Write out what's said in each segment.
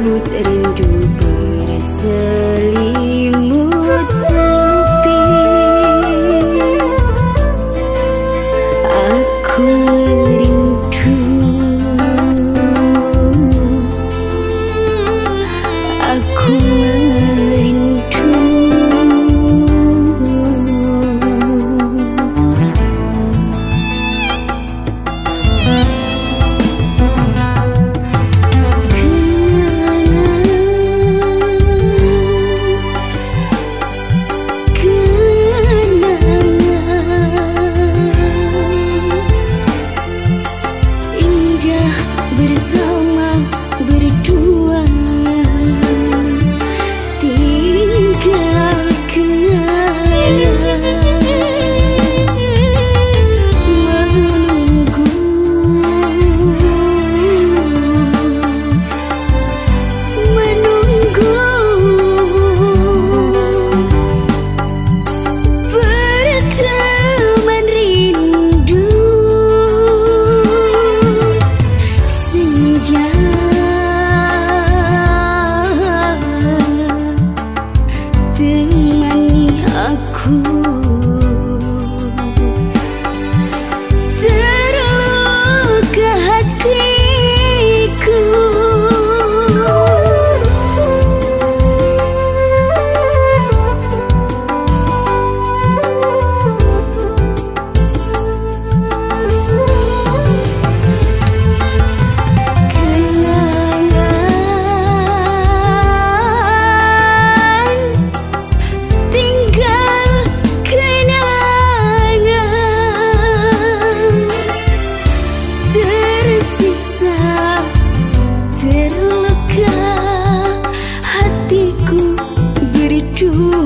mulut rindu true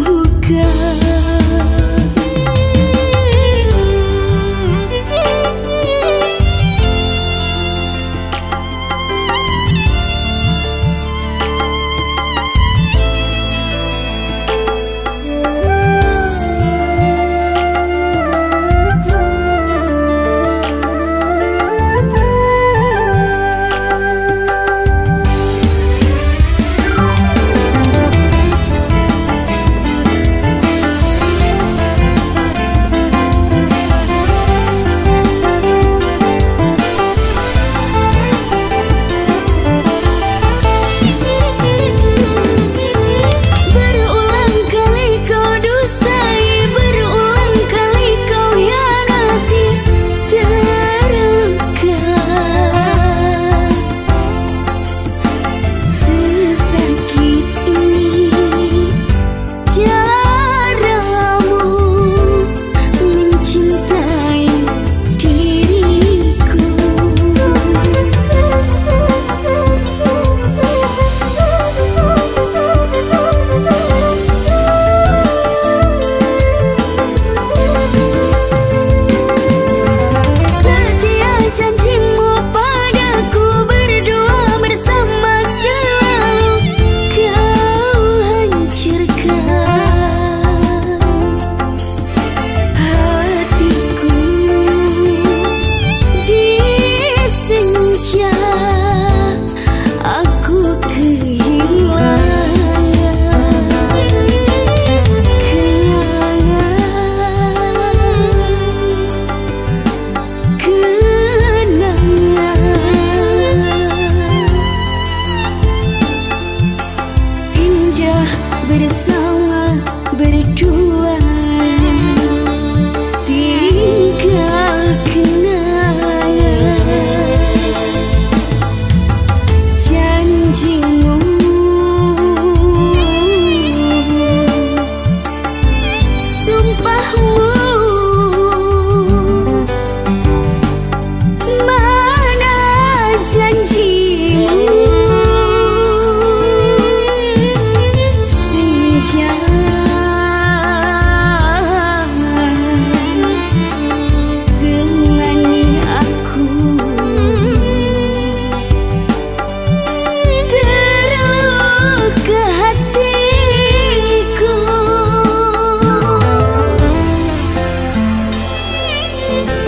Thank you.